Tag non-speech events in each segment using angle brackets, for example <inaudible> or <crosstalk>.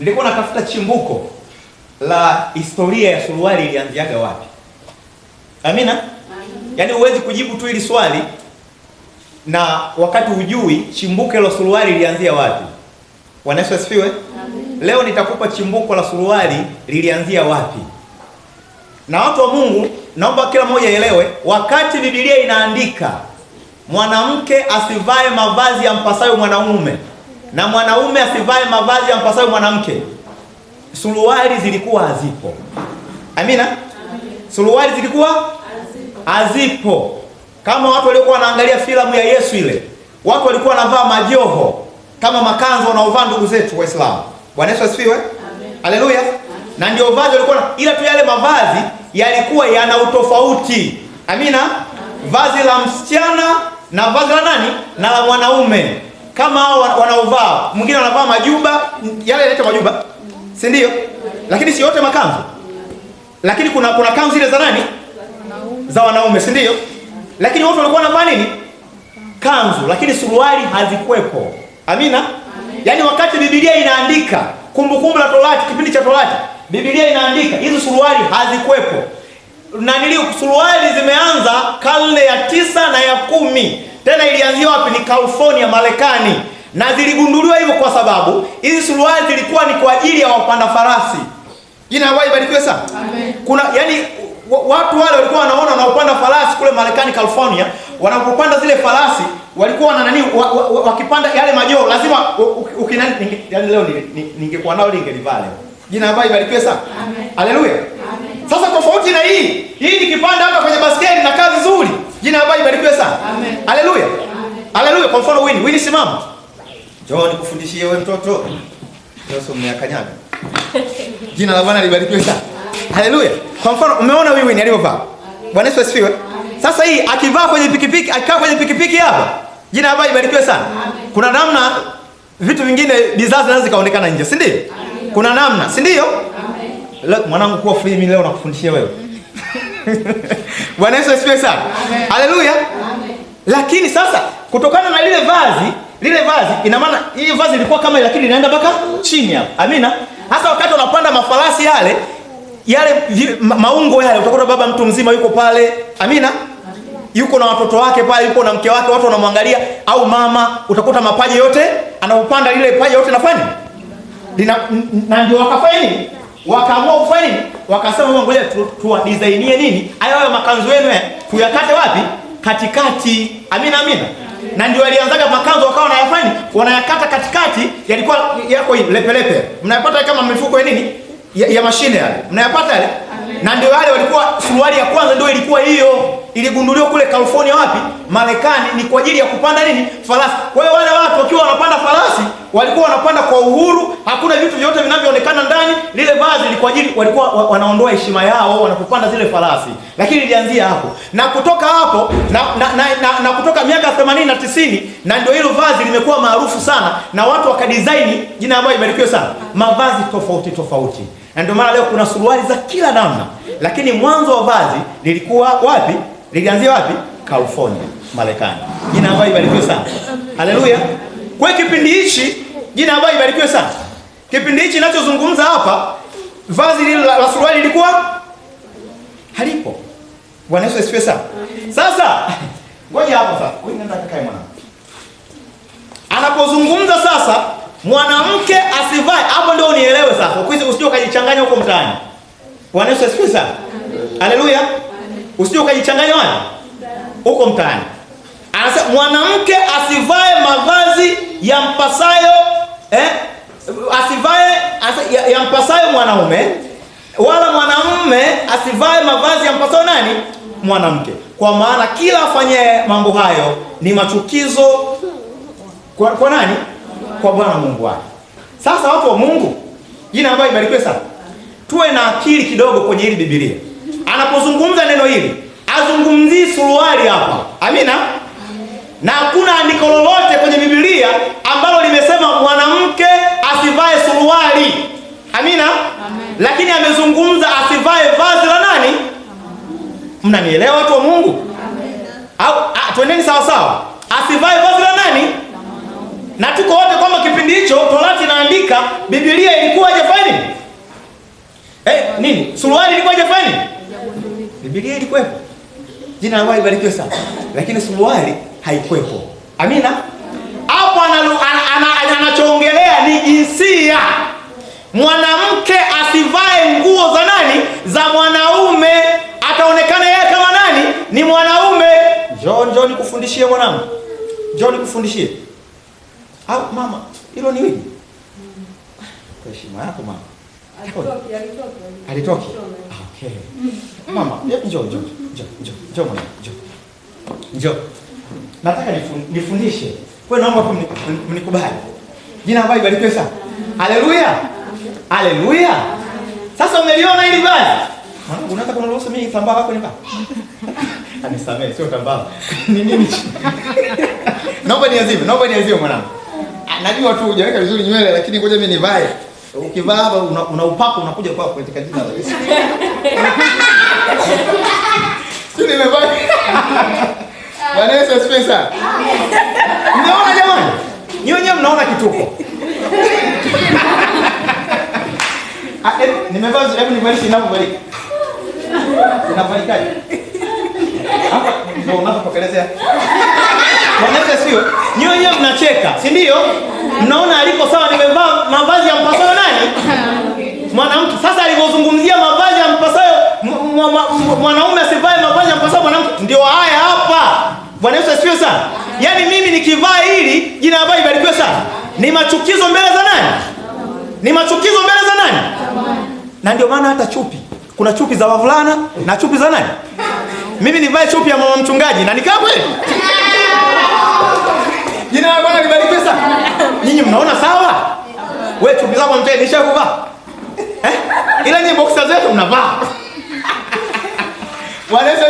nilikuwa natafuta chimbuko la historia ya suruali ilianziaga wapi. Amina, amina. Yaani huwezi kujibu tu hili swali na wakati hujui chimbuko la suruali lilianzia wapi. Bwana asifiwe. Leo nitakupa chimbuko la suruali lilianzia wapi. Na watu wa Mungu, naomba kila mmoja aelewe, wakati Biblia inaandika mwanamke asivae mavazi ya mpasayo mwanaume na mwanaume asivae mavazi yampasayo mwanamke. Suruali zilikuwa hazipo. Amina, suruali zilikuwa hazipo, kama watu waliokuwa wanaangalia filamu ya Yesu ile, watu walikuwa wanavaa majoho kama makanzu wanaovaa ndugu zetu Waislamu. Bwana Yesu asifiwe, haleluya. Na ndio vazi walikuwa, ila tu yale mavazi yalikuwa yana utofauti. Amina, vazi la msichana na vazi la nani na la mwanaume kama hao wanaovaa, mwingine anavaa majuba yale yanaitwa majuba, si ndio? Lakini si yote makanzu, lakini kuna kuna kanzu ile za nani, za wanaume, si ndio? Lakini wote walikuwa wanavaa nini, kanzu, lakini suruali hazikwepo Amina, yani Yaani wakati Biblia inaandika Kumbukumbu la Torati, kipindi cha Torati, Biblia inaandika hizo suruali hazikwepo na nilio suruali zimeanza karne ya tisa na ya kumi tena ilianzia wapi? Ni California, Marekani, na ziligunduliwa hivyo kwa sababu hizi suruali zilikuwa ni kwa ajili ya wapanda farasi. Jina la ibarikiwe sana. Kuna yani watu wale walikuwa wanaona wanaopanda farasi kule Marekani, California, wanapopanda zile farasi walikuwa wana nani wakipanda wa, wa, yale majoo lazima ukinani yani leo ningekuwa nao ningelivale. Jina la ibarikiwe sana. Amen. Haleluya. Sasa tofauti na hii, hii nikipanda hapa kwenye basketi na kazi nzuri Jina la Baba libarikiwe sana. Amen. Haleluya. Haleluya. Kwa mfano Wini, wewe simama. Njoo nikufundishie wewe mtoto. Sasa umeyakanyaga. <laughs> Jina la Bwana libarikiwe sana. Haleluya. Kwa mfano umeona wewe ni alivyovaa? Bwana Yesu asifiwe. Sasa hii akivaa kwenye pikipiki, akikaa kwenye pikipiki hapa. Jina la Baba libarikiwe sana. Amen. Kuna namna vitu vingine bidhaa zinaweza zikaonekana nje, si ndio? Kuna namna, si ndio? Mwanangu kuwa free mimi leo nakufundishia wewe. mm-hmm Bwana Yesu asifiwe sana. Haleluya. Lakini sasa kutokana na lile vazi, lile vazi ina maana hii vazi ilikuwa kama lakini inaenda mpaka chini hapo. Amina. Hasa wakati unapanda mafarasi yale yale maungo yale utakuta baba mtu mzima yuko pale. Amina. Yuko na watoto wake pale, yuko na mke wake, watu wanamwangalia au mama, utakuta mapaji yote anaupanda lile paji yote nafanya. Na ndio wakafanya nini? wakaamua kufanya nini? Wakasema ngoja tuwadisainie tu nini hayo hayo makanzu yenu eh. tuyakate wapi? Katikati. Amina, amina. Na ndio walianzaga makanzu wakawa wanayafanya wanayakata katikati, yalikuwa yako hivi lepelepe, mnayapata kama mifuko ya nini ya, ya mashine yale, mnayapata yale. Na ndio wale walikuwa, suruali ya kwanza ndio ilikuwa hiyo, iligunduliwa kule California, wapi Marekani, ni kwa ajili ya kupanda nini farasi. Kwa hiyo wale watu wakiwa wanapanda farasi walikuwa wanapanda kwa uhuru, hakuna vitu vyote vinavyoonekana ndani. Lile vazi ni kwa ajili, walikuwa wanaondoa heshima yao wanapopanda zile farasi, lakini ilianzia hapo na kutoka hapo na, na, na, na, na kutoka miaka 80 na 90, na ndio hilo vazi limekuwa maarufu sana na watu waka design jina ambayo imebarikiwa sana, mavazi tofauti tofauti, na ndio maana leo kuna suruali za kila namna, lakini mwanzo wa vazi lilikuwa wapi? Lilianzia wapi? California, Marekani, jina ambayo imebarikiwa sana. Haleluya. Kwa hiyo kipindi hichi jina ambayo ibarikiwe sana. Kipindi hichi ninachozungumza hapa vazi lile la, la suruali lilikuwa halipo. Bwana Yesu asifiwe sana. Sasa <laughs> ngoja hapo sasa. Wewe nenda kakae mwana. Anapozungumza sasa mwanamke asivae, hapo ndio unielewe sasa. Ukwizi usije ukajichanganya huko mtaani. Bwana Yesu asifiwe sana. Haleluya. Usije ukajichanganya wapi? Huko mtaani. Anasema mwanamke asivae mavazi yampasayo eh, asivae asi, yampasayo mwanaume wala mwanamume asivae mavazi yampasayo nani? Mwanamke. Kwa maana kila afanyaye mambo hayo ni machukizo kwa, kwa nani? Kwa Bwana Mungu wake. Sasa watu wa Mungu, jina ambayo ibarikiwe sana, tuwe na akili kidogo kwenye hili Biblia. Anapozungumza neno hili azungumzii suruali hapa, amina na hakuna andiko lolote kwenye Biblia ambalo limesema mwanamke asivae suruali. Amina, Amen. Lakini amezungumza asivae vazi la nani? Mnanielewa watu wa Mungu? Amen. Au twendeni sawa sawa, asivae vazi la nani? Na tuko wote kwamba kipindi hicho Torati inaandika, Biblia ilikuwa hajafanya Eh, nini? Suruali ilikuwa hajafanya Biblia ilikuwa. Jina la Mungu libarikiwe sana. Lakini suruali haikwepo. Amina. Hapo anachoongelea ni jinsia. Mwanamke asivae nguo za nani, za mwanaume, ataonekana yeye kama nani, ni mwanaume. Njoo, njoo nikufundishie mwanangu, njoo nikufundishie. Au mama, hilo ni nini? Heshima yako mama. Alitoki, alitoki. Alitoki. Ah, njoo njoo njoo, njoo, njoo, njoo, njoo, njoo nataka nifundishe, kwa hiyo naomba mnikubali. Jina ambalo ibarikiwe sana. Haleluya, haleluya. Sasa umeliona hili basi, mwanangu, unataka kuniruhusu mimi tambaa hapo nipa <laughs> anisamee, sio tambaa <laughs> ni nini? <laughs> Naomba niazime, naomba niazime mwanangu. Ah, najua tu hujaweka vizuri nywele, lakini ngoja mimi nivae. Ukivaa hapa una, una upako unakuja kwa katika jina la Yesu. Sio nimevaa Bwana Yesu asifiwe sana. Mnaona jamani? Ni wenyewe mnaona kituko. <laughs> Ah, nimevaa hebu nibadilishe bali. Unabalikaje? Hapa ndio unapokelezea. Bwana Yesu asifiwe. Ni wenyewe mnacheka, si ndio? Mnaona aliko sawa nimevaa mavazi ya mpasayo nani? Mwanamke. Sasa alivyozungumzia mavazi ya mpasayo mwanaume asivae mavazi ya mpasayo mwanamke ndio haya hapa. Bwana Yesu asifiwe sana. Yaani mimi nikivaa hili jina ambalo ibarikiwe sana, ni machukizo mbele za nani? Ni machukizo mbele za nani? Na ndio maana hata chupi, kuna chupi za wavulana na chupi za nani? Mimi nivae chupi ya mama mchungaji na nikaa kweli? Jina la Bwana libarikiwe sana. Ninyi mnaona sawa? Wewe chupi zako mtende nishakuvaa. Eh? Ila nyinyi boxer zetu mnavaa.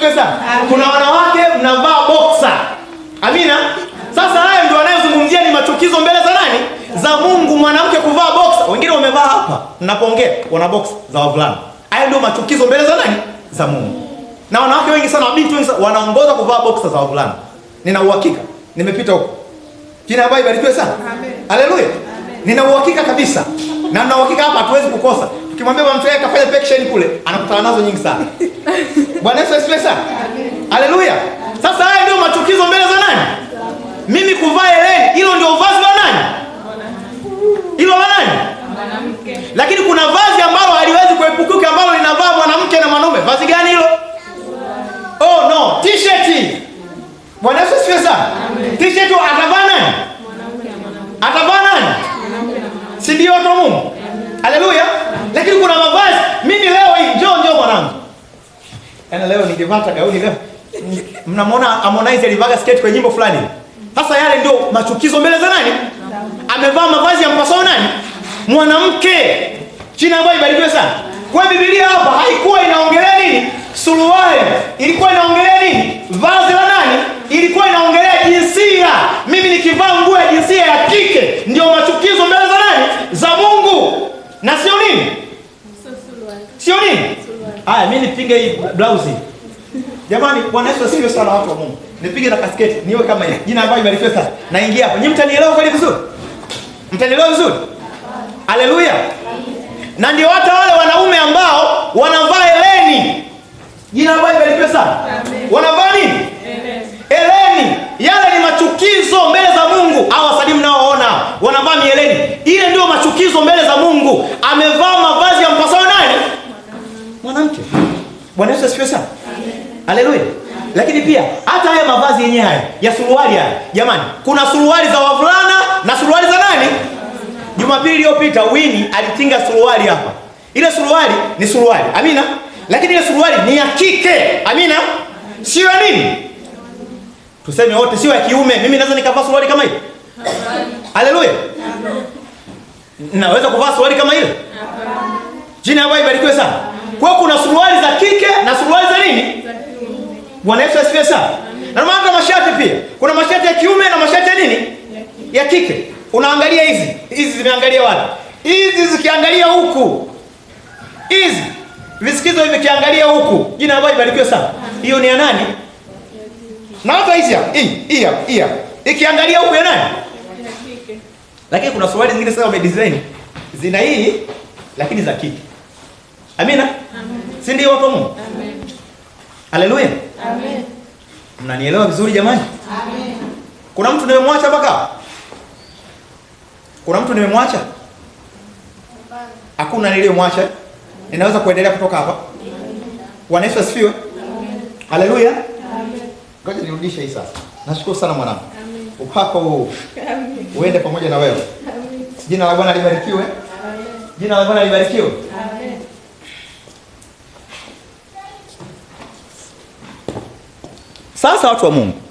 Pesa. Kuna wanawake mnavaa boxer. Amina. Sasa haya ndio anayozungumzia ni machukizo mbele za nani? Za Mungu mwanamke kuvaa boxer. Wengine wamevaa hapa mnapoongea wana boxer za wavulana. Haya ndio machukizo mbele za nani? Za Mungu. Na wanawake wengi sana wabintu wengi wanaongoza kuvaa boxer za wavulana. Nina uhakika. Nimepita huko. Jina Baba ibarikiwe sana. Amen. Haleluya. Nina uhakika kabisa. Na nina uhakika hapa hatuwezi kukosa. Ukimwambia bwana mchungaji kafanya pection kule, anakutana nazo nyingi sana. <laughs> Bwana Yesu asifiwe sana. Haleluya. Sasa haya ndio machukizo mbele za nani? Mimi kuvaa hereni, hilo ndio vazi la nani? Hilo la nani? Mwanamke. Lakini kuna vazi ambalo haliwezi kuepukuka ambalo linavaa mwanamke na mwanaume. Vazi gani hilo? Oh no, t-shirt. Bwana Yesu asifiwe sana. T-shirt atavaa nani? Atavaa nani? Si ndio? Haleluya. Yaani leo ningevata gauni leo. Mnamwona Harmonize alivaga sketi kwa nyimbo fulani. Sasa yale ndio machukizo mbele za nani? Amevaa mavazi ya mpasao nani? Mwanamke. Jina ambayo ibarikiwe sana. Kwa Biblia hapa haikuwa inaongelea nini? Suruali. Ilikuwa inaongelea blouse. Jamani, Bwana Yesu asifiwe sana watu wa Mungu. Nipige na kasketi, niwe kama yeye. Jina ambalo imebarikiwa sana. Naingia hapo. Nyinyi mtanielewa kweli vizuri? Mtanielewa vizuri? Haleluya. Na ndio hata wale wanaume ambao wanavaa eleni. Jina ambalo imebarikiwa sana. Wanavaa nini? Eleni. Yale ni machukizo mbele za Mungu. Hao wasalimu nao waona. Wanavaa mieleni. Ile ndio machukizo mbele za Mungu. Amevaa mavazi ya mpasa Bwana Yesu asifiwe sana. Haleluya. Lakini pia hata haya mavazi yenyewe haya ya suruali haya, jamani, kuna suruali za wavulana na suruali za nani? Jumapili iliyopita Wini alitinga suruali hapa. Ile suruali ni suruali, amina. Lakini ile suruali ni ya kike, amina, sio ya nini, tuseme wote, sio ya kiume. Mimi naweza nikavaa suruali kama ile? Haleluya. Naweza kuvaa suruali kama ile? Jina la Bwana libarikiwe sana. Kwa hiyo kuna suruali za kike na suruali za nini? Bwana Yesu asifiwe sana. Na maana kuna mashati pia. Kuna mashati ya kiume na mashati ya nini? Ya kike. Unaangalia hizi. Hizi zimeangalia wapi? Hizi zikiangalia huku. Hizi visikizo hivi kiangalia huku. Jina ambalo ibarikiwe sana. Hiyo ni ya nani? Na hata hizi hapa. Hii, hii hapa, hii hapa. Ikiangalia huku ya nani? Lakini kuna suruali zingine sasa wame design zina hii lakini za kike. Amina si ndio watu wa Mungu? Amen. Haleluya. Amen. Mnanielewa vizuri jamani? Amen. Kuna mtu nimemwacha baka? Kuna mtu nimemwacha? Hakuna niliyemwacha. Ninaweza kuendelea kutoka hapa. Bwana Yesu asifiwe. Amen. Haleluya. Amen. Ngoja nirudishe hii sasa. Nashukuru sana mwanangu. Amen. Upako huu. Amen. Uende pamoja na wewe. Amen. Jina la Bwana libarikiwe. Amen. Jina la Bwana libarikiwe. Sasa watu wa Mungu,